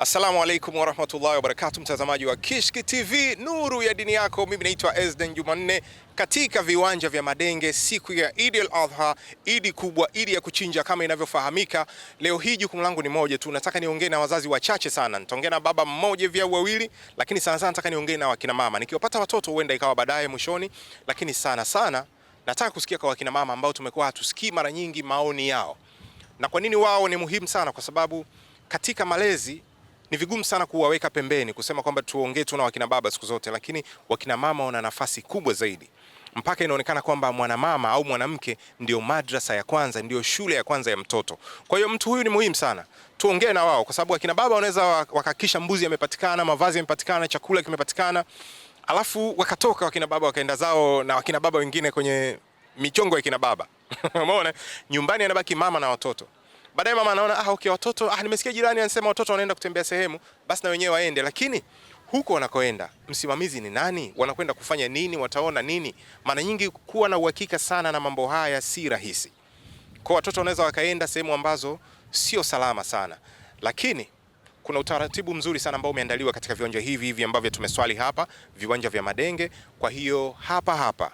Assalamu alaikum warahmatullahi wabarakatu, mtazamaji wa Kishki TV, nuru ya dini yako. Mimi naitwa Ezden Jumanne katika viwanja vya Madenge siku ya Eid al-Adha, idi kubwa, idi ya kuchinja kama inavyofahamika. Leo hii jukumu langu ni moja tu, nataka niongee na wazazi wachache sana. Nitaongea na baba mmoja vya wawili, lakini sana sana nataka niongee na wakina mama. Nikiwapata watoto huenda ikawa baadaye mwishoni, lakini sana sana nataka kusikia kwa wakina mama ambao tumekuwa hatusikii mara nyingi maoni yao. Na kwa nini wao ni muhimu sana? Kwa sababu katika malezi ni vigumu sana kuwaweka pembeni kusema kwamba tuongee tu na wakina baba siku zote, lakini wakina mama wana nafasi kubwa zaidi mpaka inaonekana kwamba mwanamama au mwanamke ndio madrasa ya kwanza, ndio shule ya kwanza ya mtoto. Kwa hiyo mtu huyu ni muhimu sana, tuongee na wao, kwa sababu akina baba wanaweza wakahakikisha mbuzi yamepatikana, mavazi yamepatikana, chakula kimepatikana, alafu wakatoka wakina baba wakaenda zao na wakina baba wengine kwenye michongo ya kina baba umeona, nyumbani anabaki mama na watoto. Baadaye mama anaona ah, okay, watoto ah, nimesikia jirani anasema watoto wanaenda kutembea sehemu, basi na wenyewe waende. Lakini huko wanakoenda msimamizi ni nani? Wanakwenda kufanya nini? Wataona nini? Mara nyingi kuwa na uhakika sana na mambo haya si rahisi. Kwa watoto wanaweza wakaenda sehemu ambazo sio salama sana, lakini kuna utaratibu mzuri sana ambao umeandaliwa katika viwanja hivi hivi ambavyo tumeswali hapa, viwanja vya Madenge. Kwa hiyo hapa hapa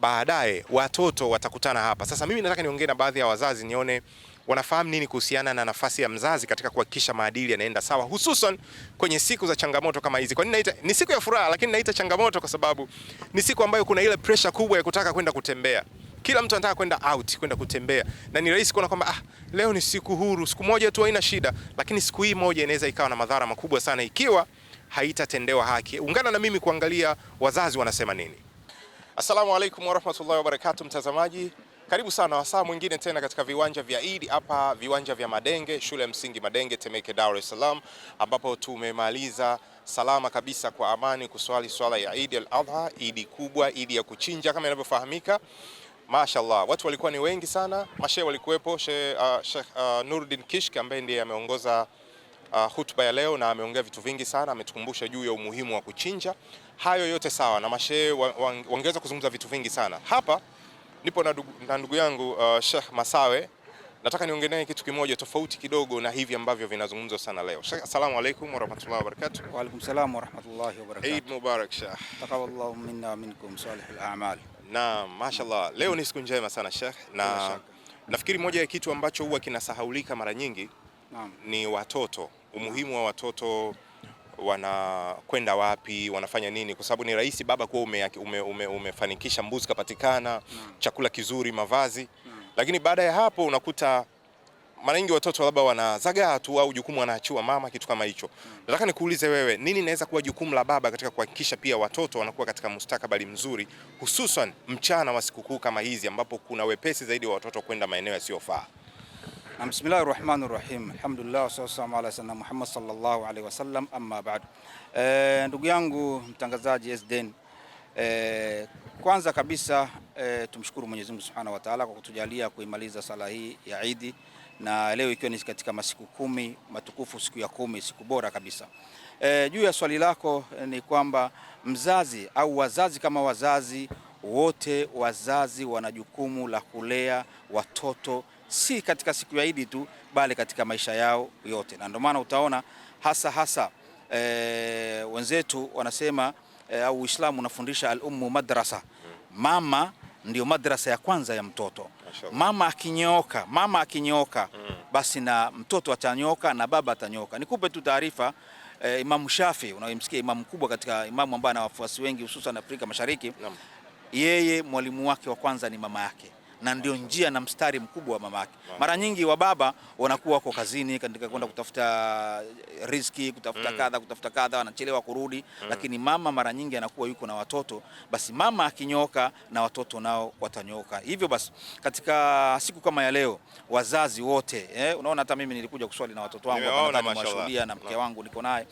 baadaye watoto watakutana hapa. Sasa mimi nataka niongee na baadhi ya wazazi nione wanafahamu nini kuhusiana na nafasi ya mzazi katika kuhakikisha maadili yanaenda sawa, hususan kwenye siku za changamoto kama hizi. Kwa nini naita ni siku ya furaha, lakini naita changamoto kwa sababu ni siku ambayo kuna ile pressure kubwa ya kutaka kwenda kutembea kila mtu anataka kwenda out kwenda kutembea, na ni rahisi kuona kwamba ah, leo ni siku huru, siku moja tu haina shida, lakini siku hii moja inaweza ikawa na madhara makubwa sana ikiwa haitatendewa haki. Ungana na mimi kuangalia wazazi wanasema nini. Assalamu alaikum warahmatullahi wabarakatu, mtazamaji. Karibu sana wasaa mwingine tena katika viwanja vya Eid hapa viwanja vya Madenge, shule ya msingi Madenge, Temeke, Dar es Salaam, ambapo tumemaliza salama kabisa kwa amani kuswali swala ya Eid al-Adha, Eid kubwa, Eid ya kuchinja kama inavyofahamika. Mashallah, watu walikuwa ni wengi sana, mashehe walikuwepo. Uh, Sheikh uh, uh, Nuruddin Kishk ambaye ndiye ameongoza uh, hutuba ya leo na ameongea vitu vingi sana, ametukumbusha juu ya umuhimu wa kuchinja. Hayo yote sawa na mashehe wangeweza kuzungumza vitu vingi sana hapa Nipo na ndugu, na ndugu yangu uh, Sheikh Masawe. Nataka niongee naye kitu kimoja tofauti kidogo na hivi ambavyo vinazungumzwa sana leo. Sheikh, assalamu alaykum wa rahmatullahi wa barakatuh. Wa alaykum salaam wa rahmatullahi wa barakatuh. Eid Mubarak Sheikh. Taqabbalallahu minna wa minkum salihul a'mal. Naam, mashallah. Leo ni siku njema sana Sheikh na nafikiri moja ya kitu ambacho huwa kinasahaulika mara nyingi Naam. ni watoto, umuhimu wa watoto wanakwenda wapi, wanafanya nini, kwa sababu ni rahisi baba kuwa ume, ume, ume, umefanikisha mbuzi kapatikana, mm. chakula kizuri, mavazi mm. lakini baada ya hapo unakuta mara nyingi watoto labda wanazagaa tu au jukumu wanaachiwa mama, kitu kama hicho mm. Nataka nikuulize wewe, nini inaweza kuwa jukumu la baba katika kuhakikisha pia watoto wanakuwa katika mustakabali mzuri, hususan mchana wa sikukuu kama hizi ambapo kuna wepesi zaidi wa watoto kwenda maeneo yasiyofaa? Na bismillahi rahmani rahim, alhamdulillah wasallam ala sana Muhammad sallallahu alaihi wasallam, amma baadu. E, eh, ndugu yangu mtangazaji SDN, e, eh, kwanza kabisa e, tumshukuru Mwenyezi Mungu subhanahu wa taala kwa kutujalia kuimaliza sala hii ya Idi na leo ikiwa ni katika masiku kumi matukufu, siku ya kumi, siku bora kabisa. E, juu ya swali lako ni kwamba mzazi au wazazi kama wazazi wote, wazazi wana jukumu la kulea watoto si katika siku ya Idi tu, bali katika maisha yao yote, na ndio maana utaona hasa hasa e, wenzetu wanasema e, au Uislamu unafundisha al-ummu madrasa, mama ndio madrasa ya kwanza ya mtoto. Mama akinyooka, mama akinyooka mm. basi na mtoto atanyooka na baba atanyooka. Nikupe tu taarifa e, eh, Imamu Shafi unayemsikia imamu mkubwa katika imamu ambaye ana wafuasi wengi hususan Afrika Mashariki, yeye mwalimu wake wa kwanza ni mama yake na ndio njia na mstari mkubwa wa mamake. Mara nyingi wa baba wanakuwa wako kazini katika kwenda kutafuta riziki, kutafuta mm. kadha, kutafuta kadha, wanachelewa kurudi, mm. lakini mama mara nyingi anakuwa yuko na watoto. Basi mama akinyoka na watoto nao watanyoka. Hivyo basi katika siku kama ya leo wazazi wote eh, unaona hata mimi nilikuja kuswali na watoto wangu hapa, na mke mm. wangu niko naye,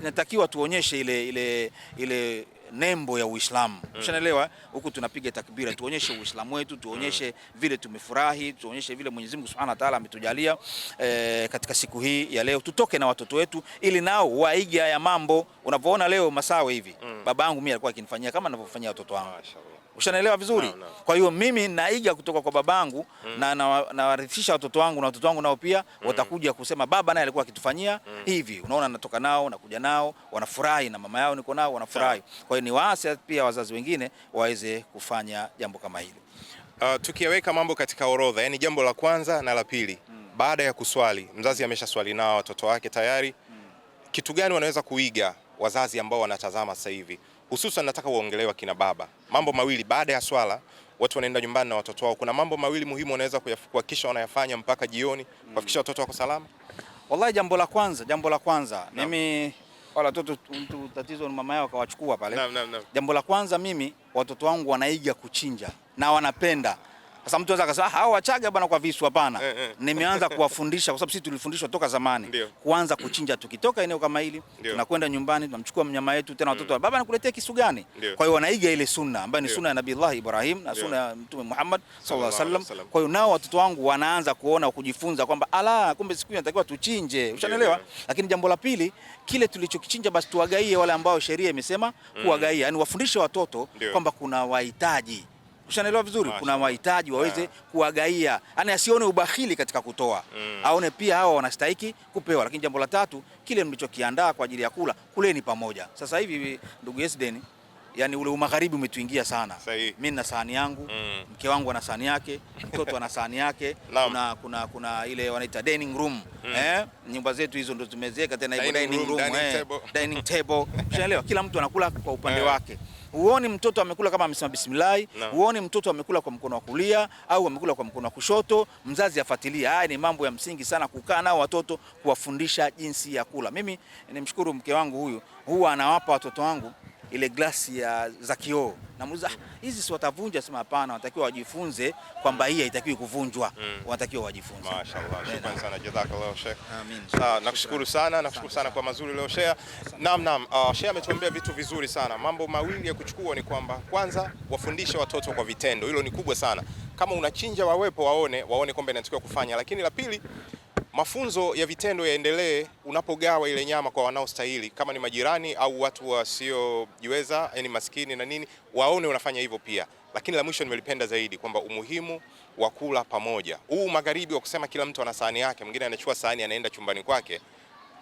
inatakiwa eh, tuonyeshe ile ile ile nembo ya Uislamu mm. Ushanelewa? huku tunapiga takbira, tuonyeshe Uislamu wetu, tuonyeshe mm. vile tumefurahi, tuonyeshe vile Mwenyezi Mungu Subhanahu wa Ta'ala ametujalia e, katika siku hii ya leo, tutoke na watoto wetu ili nao waige haya mambo. Unavyoona leo masawe hivi mm. baba yangu mimi alikuwa akinifanyia kama ninavyofanyia watoto wangu. Ushanaelewa vizuri? No, no. Kwa hiyo mimi naiga kutoka kwa babangu mm. na nawarithisha na watoto wangu na watoto wangu nao pia mm. watakuja kusema baba naye alikuwa akitufanyia mm. hivi. Unaona, natoka nao nakuja nao wanafurahi, na mama yao niko nao wanafurahi. Kwa hiyo ni waasi pia wazazi wengine waweze kufanya jambo kama hili. Uh, tukiyaweka mambo katika orodha, yani jambo la kwanza na la pili mm. baada ya kuswali, mzazi ameshaswali nao watoto wake tayari mm. kitu gani wanaweza kuiga wazazi ambao wanatazama sasa hivi? hususan nataka wa kina baba mambo mawili. Baada ya swala watu wanaenda nyumbani na watoto wao, kuna mambo mawili muhimu wanaweza kuhakikisha wanayafanya mpaka jioni kuhakikisha watoto wako salama. Wallahi, jambo la kwanza, jambo la kwanza no. mimi wala watoto tatizo ni mama yao akawachukua pale no, no, no. jambo la kwanza mimi watoto wangu wanaiga kuchinja na wanapenda sasa mtu anaweza akasema hao ah, Wachaga bwana kwa visu. Hapana, eh, eh. nimeanza kuwafundisha kwa sababu sisi tulifundishwa toka zamani Ndiyo. kuanza kuchinja tukitoka eneo kama hili tunakwenda nyumbani tunamchukua mnyama wetu tena watoto wa mm. baba anakuletea kisu gani? Kwa hiyo wanaiga ile sunna ambayo ni sunna ya Nabii Allah Ibrahim na sunna ya Mtume Muhammad sallallahu alaihi wasallam. Kwa hiyo nao watoto wangu wanaanza kuona kujifunza kwamba ala, kumbe siku inatakiwa tuchinje, ushanielewa? Lakini jambo la pili, kile tulichokichinja basi tuwagaie wale ambao sheria imesema mm. kuwagaia, yani wafundishe watoto kwamba kuna wahitaji kushanelewa vizuri Masha. Kuna wahitaji waweze yeah. kuwagaia, yaani asione ubahili katika kutoa mm. aone pia hawa wanastahiki kupewa. Lakini jambo la tatu, kile mlichokiandaa kwa ajili ya kula, kuleni pamoja. Sasa hivi ndugu Yesden, yani ule umagharibi umetuingia sana. Mimi na sahani yangu mm. mke wangu ana sahani yake, mtoto ana sahani yake kuna, kuna, kuna ile wanaita dining room mm. eh, nyumba zetu hizo ndo tumezeeka tena dining, dining room, eh, dining table, eh, dining table. kila mtu anakula kwa upande eh. wake huoni mtoto amekula kama amesema bismillahi no. huoni mtoto amekula kwa mkono wa kulia au amekula kwa mkono wa kushoto. Mzazi afuatilie haya, ni mambo ya msingi sana kukaa nao watoto, kuwafundisha jinsi ya kula. Mimi nimshukuru mke wangu, huyu huwa anawapa watoto wangu ile glasi ya za kioo, namuuliza hizi si watavunja? Sema hapana, wanatakiwa wajifunze kwamba hii haitakiwi kuvunjwa mm. wanatakiwa wajifunze. Mashaallah, shukrani sana, jazakallahu sheikh. Amin. Sawa, ah, nakushukuru sana, nakushukuru sana kwa mazuri leo sheikh. Naam, naam, uh, sheikh ametuambia vitu vizuri sana. Mambo mawili ya kuchukua ni kwamba kwanza, wafundishe watoto kwa vitendo, hilo ni kubwa sana. Kama unachinja wawepo waone, waone kwamba inatakiwa kufanya, lakini la pili Mafunzo ya vitendo yaendelee unapogawa ile nyama kwa wanaostahili, kama ni majirani au watu wasiojiweza, yani maskini na nini, waone unafanya hivyo pia. Lakini la mwisho nimelipenda zaidi kwamba umuhimu wa kula pamoja, huu magharibi wa kusema kila mtu ana sahani yake, mwingine anachukua sahani anaenda chumbani kwake,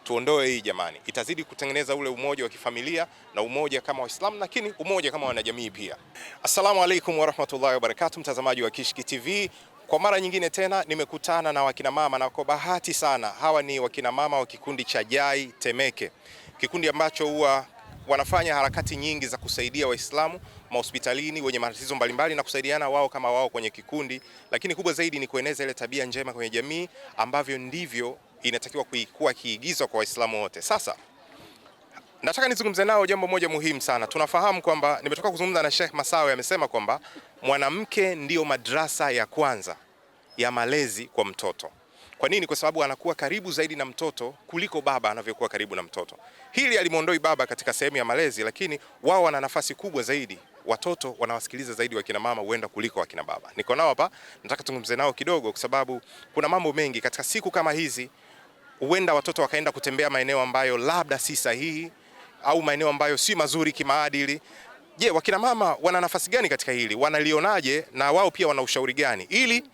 tuondoe hii jamani, itazidi kutengeneza ule umoja wa kifamilia na umoja kama Waislamu, lakini umoja kama wanajamii pia. Assalamu alaikum warahmatullahi wabarakatu, mtazamaji wa Kishki TV. Kwa mara nyingine tena nimekutana na wakinamama na kwa bahati sana, hawa ni wakinamama wa kikundi cha Jai Temeke, kikundi ambacho huwa wanafanya harakati nyingi za kusaidia Waislamu mahospitalini wenye matatizo mbalimbali na kusaidiana wao kama wao kwenye kikundi, lakini kubwa zaidi ni kueneza ile tabia njema kwenye jamii ambavyo ndivyo inatakiwa kuikuwa kiigizo kwa Waislamu wote. Sasa Nataka nizungumze nao jambo moja muhimu sana. Tunafahamu kwamba nimetoka kuzungumza na Sheikh Masawe, amesema kwamba mwanamke ndiyo madrasa ya kwanza ya malezi kwa mtoto. Kwa nini? Kwa sababu anakuwa karibu zaidi na mtoto kuliko baba anavyokuwa karibu na mtoto. Hili alimwondoi baba katika sehemu ya malezi, lakini wao wana nafasi kubwa zaidi. Watoto wanawasikiliza zaidi wakina mama huenda kuliko wakina baba. Niko nao hapa, nataka tuzungumze nao kidogo, kwa sababu kuna mambo mengi katika siku kama hizi. Huenda watoto wakaenda kutembea maeneo ambayo labda si sahihi au maeneo ambayo si mazuri kimaadili. Je, wakina mama wana nafasi gani katika hili? Wanalionaje na wao pia wana ushauri gani ili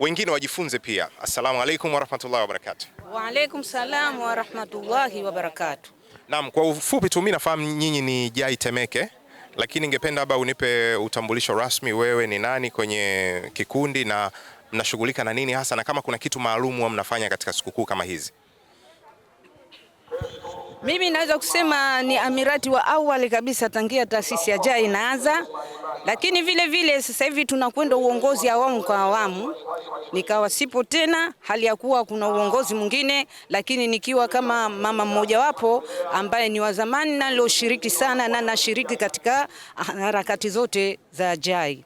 wengine wajifunze pia? Assalamu alaikum warahmatullahi wabarakatuh. Wa alaikum salam warahmatullahi wabarakatuh. Naam, kwa ufupi tu mimi nafahamu nyinyi ni Jai Temeke, lakini ningependa labda unipe utambulisho rasmi, wewe ni nani kwenye kikundi na mnashughulika na nini hasa, na kama kuna kitu maalumu mnafanya katika sikukuu kama hizi? Mimi naweza kusema ni amirati wa awali kabisa tangia taasisi ya JAI inaanza, lakini vile vile sasa hivi tunakwenda uongozi awamu kwa awamu, nikawa sipo tena hali ya kuwa kuna uongozi mwingine, lakini nikiwa kama mama mmojawapo ambaye ni wa zamani na sana na nashiriki katika harakati zote za JAI.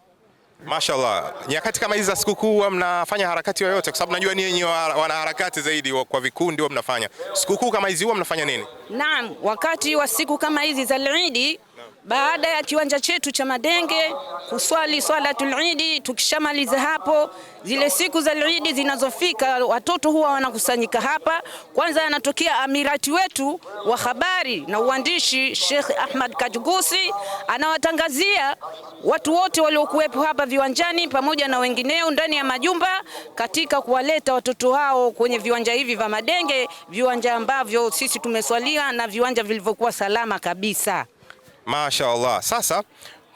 Mashallah, nyakati kama hizi za sikukuu huwa mnafanya harakati yoyote? Kwa sababu najua ninyi wanaharakati zaidi kwa vikundi huwa mnafanya. Sikukuu kama hizi huwa mnafanya nini? Naam, wakati wa siku kama hizi za Eid baada ya kiwanja chetu cha Madenge kuswali swalatul Idi. Tukishamaliza hapo, zile siku za Idi zinazofika, watoto huwa wanakusanyika hapa. Kwanza anatokea amirati wetu wa habari na uandishi Sheikh Ahmad Kajugusi, anawatangazia watu wote waliokuwepo hapa viwanjani pamoja na wengineo ndani ya majumba, katika kuwaleta watoto hao kwenye viwanja hivi vya Madenge, viwanja ambavyo sisi tumeswalia na viwanja vilivyokuwa salama kabisa. Mashaallah. Sasa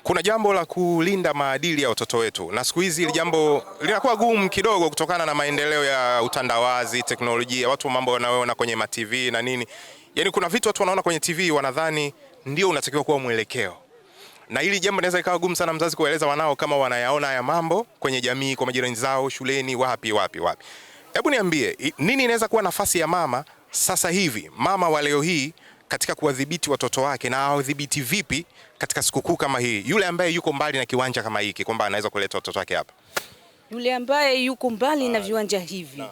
kuna jambo la kulinda maadili ya watoto wetu, na siku hizi jambo linakuwa gumu kidogo kutokana na maendeleo ya utandawazi, teknolojia, watu mambo wanaoona kwenye ma TV na nini. Yaani kuna vitu watu wanaona kwenye TV wanadhani ndio unatakiwa kuwa mwelekeo, na hili jambo linaweza ikawa gumu sana mzazi kueleza wanao kama wanayaona haya mambo kwenye jamii, kwa majirani zao, shuleni, wapi wapi wapi. Hebu niambie, nini inaweza kuwa nafasi ya mama sasa hivi, mama wa leo hii katika kuwadhibiti watoto wake na awadhibiti vipi katika sikukuu kama hii, yule ambaye yuko mbali na kiwanja kama hiki, kwamba anaweza kuleta watoto wake hapa, yule ambaye yuko mbali na ah, viwanja hivi na,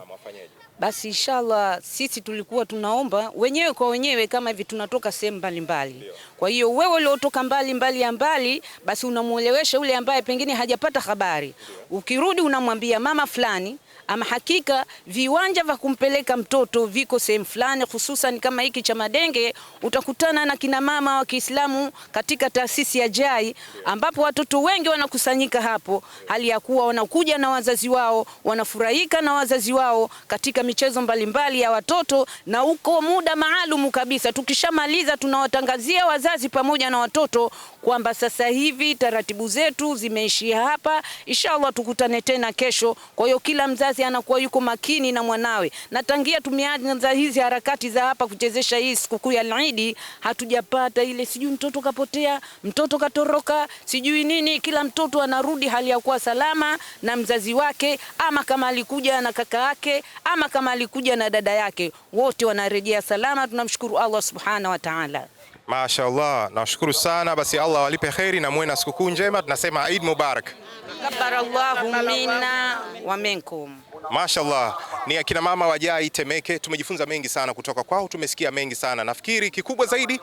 basi inshallah, sisi tulikuwa tunaomba wenyewe kwa wenyewe kama hivi, tunatoka sehemu mbalimbali. Kwa hiyo wewe uliotoka mbali mbali ya mbali, basi unamwelewesha yule ambaye pengine hajapata habari. Ukirudi unamwambia mama fulani ama hakika viwanja vya kumpeleka mtoto viko sehemu fulani, hususan kama hiki cha Madenge, utakutana na kina mama wa Kiislamu katika taasisi ya JAI, ambapo watoto wengi wanakusanyika hapo, hali ya kuwa wanakuja na wazazi wao, wanafurahika na wazazi wao katika michezo mbalimbali ya watoto, na uko muda maalumu kabisa. Tukishamaliza tunawatangazia wazazi pamoja na watoto kwamba sasa hivi taratibu zetu zimeishia hapa, inshallah tukutane tena kesho. Kwa hiyo kila mzazi anakuwa yuko makini na mwanawe, na tangia tumeanza hizi harakati za hapa kuchezesha hii sikukuu ya Eid hatujapata ile sijui mtoto kapotea, mtoto katoroka, sijui nini. Kila mtoto anarudi hali ya kuwa salama na mzazi wake, ama kama alikuja na kaka yake, ama kama alikuja na dada yake, wote wanarejea salama. Tunamshukuru Allah subhanahu wa ta'ala mashallah nashukuru sana basi, Allah walipe kheri na muwe na sikukuu njema. Tunasema Eid Mubarak. Kabbarallahu minna wa minkum. Mashallah, ni akina mama wajai Temeke. Tumejifunza mengi sana kutoka kwao, tumesikia mengi sana. Nafikiri kikubwa zaidi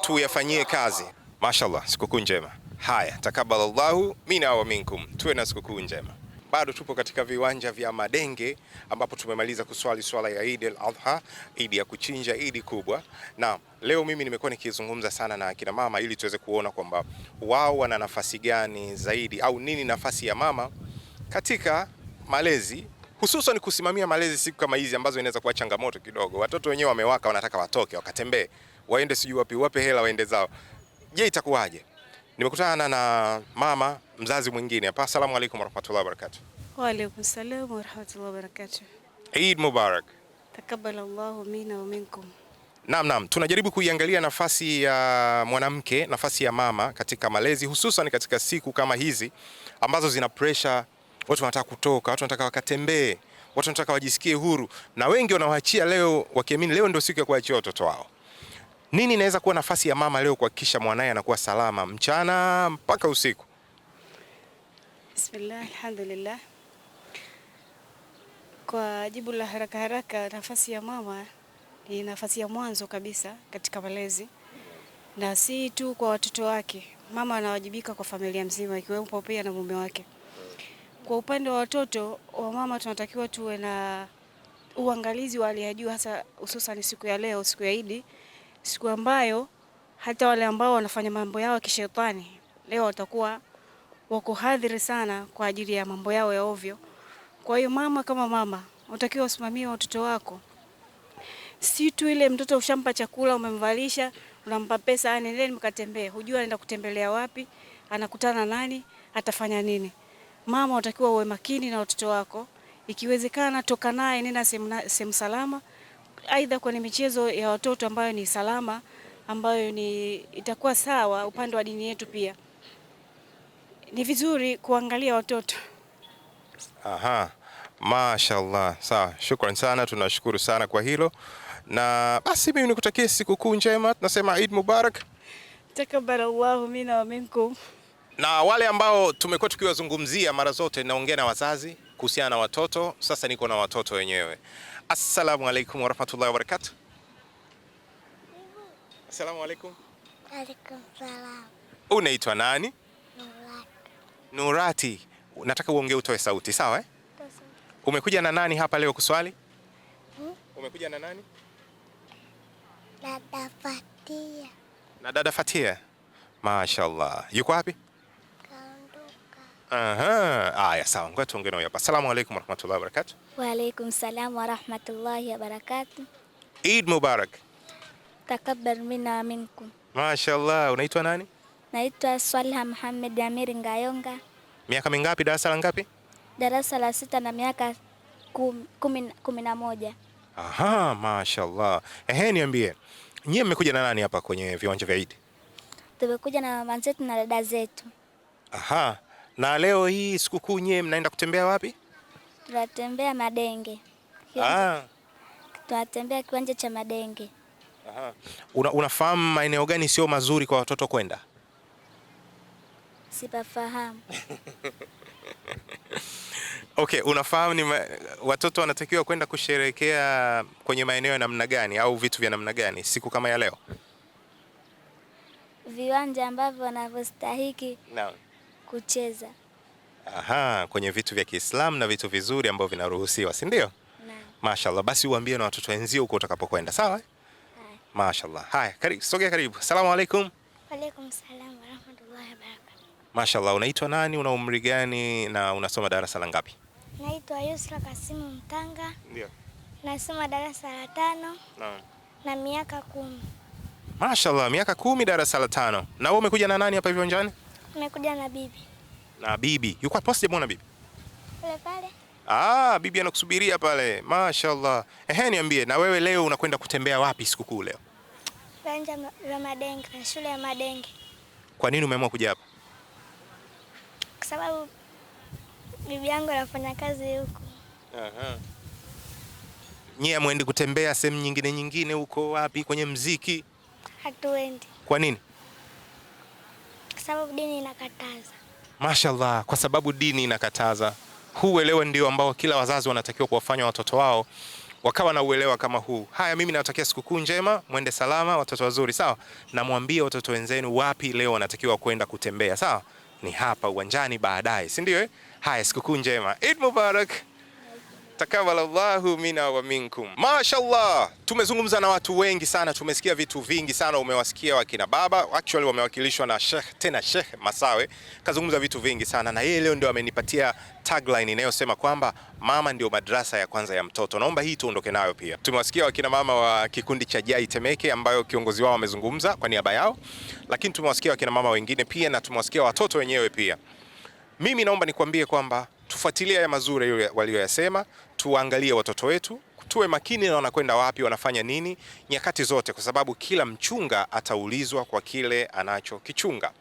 tuyafanyie kazi. mashallah sikukuu njema. Haya, takabbalallahu minna wa minkum, tuwe na sikukuu njema bado tupo katika viwanja vya Madenge ambapo tumemaliza kuswali swala ya Eid al-Adha, Eid ya kuchinja, Eid kubwa. Na leo mimi nimekuwa nikizungumza sana na akina mama ili tuweze kuona kwamba wao wana nafasi gani zaidi au nini nafasi ya mama katika malezi hususan kusimamia malezi siku kama hizi ambazo inaweza kuwa changamoto kidogo. Watoto wenyewe wamewaka, wanataka watoke wakatembee, waende sijui wapi, wape hela waende zao. Je, itakuwaje? Nimekutana na mama mzazi mwingine hapa. Asalamu alaykum warahmatullahi wabarakatuh. Wa alaykum salam warahmatullahi wabarakatuh. Eid Mubarak. Allahu minna wa minkum. Naam, naam, tunajaribu kuiangalia nafasi ya mwanamke, nafasi ya mama katika malezi, hususan katika siku kama hizi ambazo zina pressure. Watu wanataka kutoka, watu wanataka wakatembee, watu wanataka wajisikie huru, na wengi wanawaachia leo wakiamini leo ndio siku ya kuachia watoto wao nini inaweza kuwa nafasi ya mama leo kuhakikisha mwanaye anakuwa salama mchana mpaka usiku? Bismillah, alhamdulillah. Kwa jibu la haraka haraka, nafasi ya mama ni nafasi ya mwanzo kabisa katika malezi, na si tu kwa watoto wake. Mama anawajibika kwa familia mzima, ikiwemo pia na mume wake. Kwa upande wa watoto wa mama, tunatakiwa tuwe na uangalizi wa hali ya juu, hasa hususan siku ya leo, siku ya Idi siku ambayo hata wale ambao wanafanya mambo yao ya kishetani leo watakuwa wako hadhiri sana kwa ajili ya mambo yao ya ovyo. Kwa hiyo mama, kama mama, unatakiwa usimamie watoto wako, si tu ile mtoto ushampa chakula, umemvalisha, unampa pesa, yani ah, nendeni mkatembee, hujua anaenda kutembelea wapi, anakutana nani, atafanya nini. Mama, unatakiwa uwe makini na watoto wako, ikiwezekana toka naye, nenda sehemu salama aidha kwenye michezo ya watoto ambayo ni salama, ambayo ni itakuwa sawa upande wa dini yetu pia ni vizuri kuangalia watoto. Aha, mashaallah. Sawa, shukran sana, tunashukuru sana kwa hilo, na basi mimi nikutakie sikukuu njema, tunasema Eid Mubarak, takabbalallahu minna wa minkum. Na wale ambao tumekuwa tukiwazungumzia mara zote, naongea na wazazi kuhusiana na watoto, sasa niko na watoto wenyewe. Assalamu alaikum warahmatullahi wabarakatuh. Assalamu alaikum. Alaikum salam. Unaitwa nani? Nurati. Nurati, nataka uongee utoe sauti, sawa eh? Umekuja na nani hapa leo kuswali? Hmm? Umekuja na nani? Dada Fatia. Na dada Fatia. Mashallah. Yuko wapi? Aha. Aya, ah, sawa, ngoja tuongee naye hapa. Asalamu alaykum warahmatullahi wabarakatuh. Wa alaykum salam warahmatullahi wabarakatuh. Eid Mubarak. Takabbal minna minkum. Mashaallah, unaitwa nani? Naitwa Swalha Muhammad Amiri Ngayonga. Miaka mingapi? Darasa la ngapi? Darasa la sita na miaka kum, kumin, kumi na moja. Aha, mashaallah. Ehe, niambie. Nyie mmekuja na nani hapa kwenye viwanja vya Eid? Tumekuja na mama zetu na dada zetu. Aha. Na leo hii sikukuu nyewe mnaenda kutembea wapi? Tunatembea Madenge. Ah. Tunatembea kiwanja cha Madenge. Aha. Una, unafahamu maeneo gani sio mazuri kwa watoto kwenda? Sipafahamu. Okay, unafahamu ni ma... watoto wanatakiwa kwenda kusherehekea kwenye maeneo ya namna gani au vitu vya namna gani siku kama ya leo? Viwanja ambavyo wanavyostahiki. Naam. Kucheza. Aha, kwenye vitu vya Kiislamu na vitu vizuri ambavyo vinaruhusiwa, si ndio? Naam. Mashallah, basi uambie na watoto wenzio huko utakapokwenda, sawa? Mashallah. Haya, karibu, sogea karibu. Asalamu alaykum. Wa alaykum salaam wa rahmatullahi wa barakatuh. Mashallah, unaitwa nani, una umri gani na unasoma darasa la ngapi? Naitwa Yusra Kasimu Mtanga. Ndio. Nasoma darasa la tano. Naam. Na miaka kumi. Mashallah, miaka kumi darasa la tano. Na wewe umekuja na nani hapa viwanjani? Nimekuja na bibi. Na bibi. Yuko posti mbona bibi? Pale pale. Ah, bibi anakusubiria pale. Mashaallah. Ehe, niambie na wewe leo unakwenda kutembea wapi sikukuu leo? Uwanja wa Madenge, shule ya Madenge. Kwa nini umeamua kuja hapa? Kwa sababu bibi yangu anafanya kazi huko. Aha. Nyie amwendi kutembea sehemu nyingine nyingine huko wapi kwenye mziki? Hatuendi. Kwa nini? sababu dini inakataza. Mashallah, kwa sababu dini inakataza. Huu uelewa ndio ambao kila wazazi wanatakiwa kuwafanya watoto wao wakawa na uelewa kama huu. Haya, mimi nawatakia sikukuu njema, mwende salama, watoto wazuri, sawa. namwambia watoto wenzenu wapi leo wanatakiwa kwenda kutembea, sawa? Ni hapa uwanjani baadaye, si ndio? Eh? haya, sikukuu njema, Eid Mubarak. Takabalallahu mina wa minkum. Mashallah, tumezungumza na watu wengi sana, tumesikia vitu vingi sana. Umewasikia wakina baba, actually wamewakilishwa na Sheikh, tena Sheikh Masawe kazungumza vitu vingi sana, na yeye leo ndio amenipatia tagline inayosema kwamba mama ndio madrasa ya kwanza ya mtoto. Naomba hii tuondoke nayo pia. Tumewasikia wakina mama wa kikundi cha Jai Temeke ambayo kiongozi wao amezungumza kwa niaba yao, lakini tumewasikia wakina mama wengine pia na tumewasikia watoto wenyewe pia. Mimi naomba nikwambie kwamba tufuatilie haya mazuri walioyasema tuwaangalie watoto wetu, tuwe makini na wanakwenda wapi, wanafanya nini nyakati zote, kwa sababu kila mchunga ataulizwa kwa kile anachokichunga.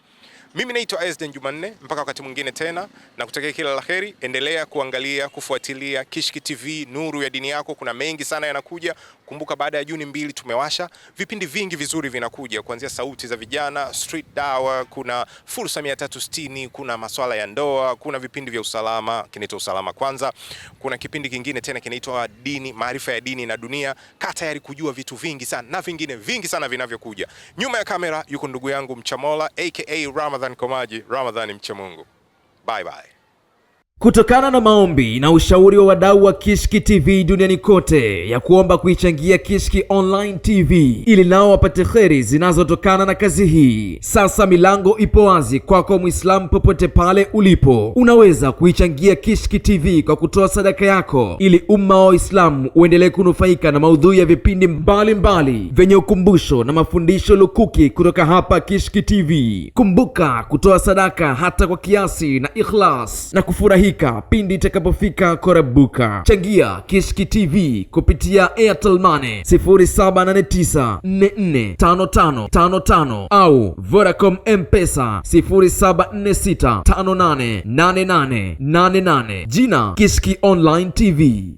Mimi naitwa Esden Jumanne, mpaka wakati mwingine tena, na kutakia kila la heri. Endelea kuangalia, kufuatilia Kishki TV, nuru ya dini yako. Kuna mengi sana yanakuja. Kumbuka baada ya Juni mbili tumewasha vipindi vingi vizuri vinakuja, kuanzia sauti za vijana, street dawa, kuna fursa 360, kuna maswala ya ndoa, kuna vipindi vya usalama kinaitwa usalama kwanza, kuna kipindi kingine tena kinaitwa dini, maarifa ya dini na dunia. Kaa tayari kujua vitu vingi sana na vingine vingi sana vinavyokuja. Nyuma ya kamera yuko ndugu yangu Mchamola aka Ramadhan Komaji. Ramadhan Mchamungu. bye bye. Kutokana na maombi na ushauri wa wadau wa Kishki TV duniani kote ya kuomba kuichangia Kishki Online TV ili nao wapate kheri zinazotokana na kazi hii, sasa milango ipo wazi kwako Mwislamu popote pale ulipo. Unaweza kuichangia Kishki TV kwa kutoa sadaka yako ili umma wa Waislamu uendelee kunufaika na maudhui ya vipindi mbalimbali vyenye ukumbusho na mafundisho lukuki kutoka hapa Kishki TV. Kumbuka kutoa sadaka hata kwa kiasi na ikhlas na kufurahia kufika pindi itakapofika korabuka. Changia Kishki TV kupitia Airtel Money 0789445555 au Vodacom m 0746588888. Jina Kishki Online TV.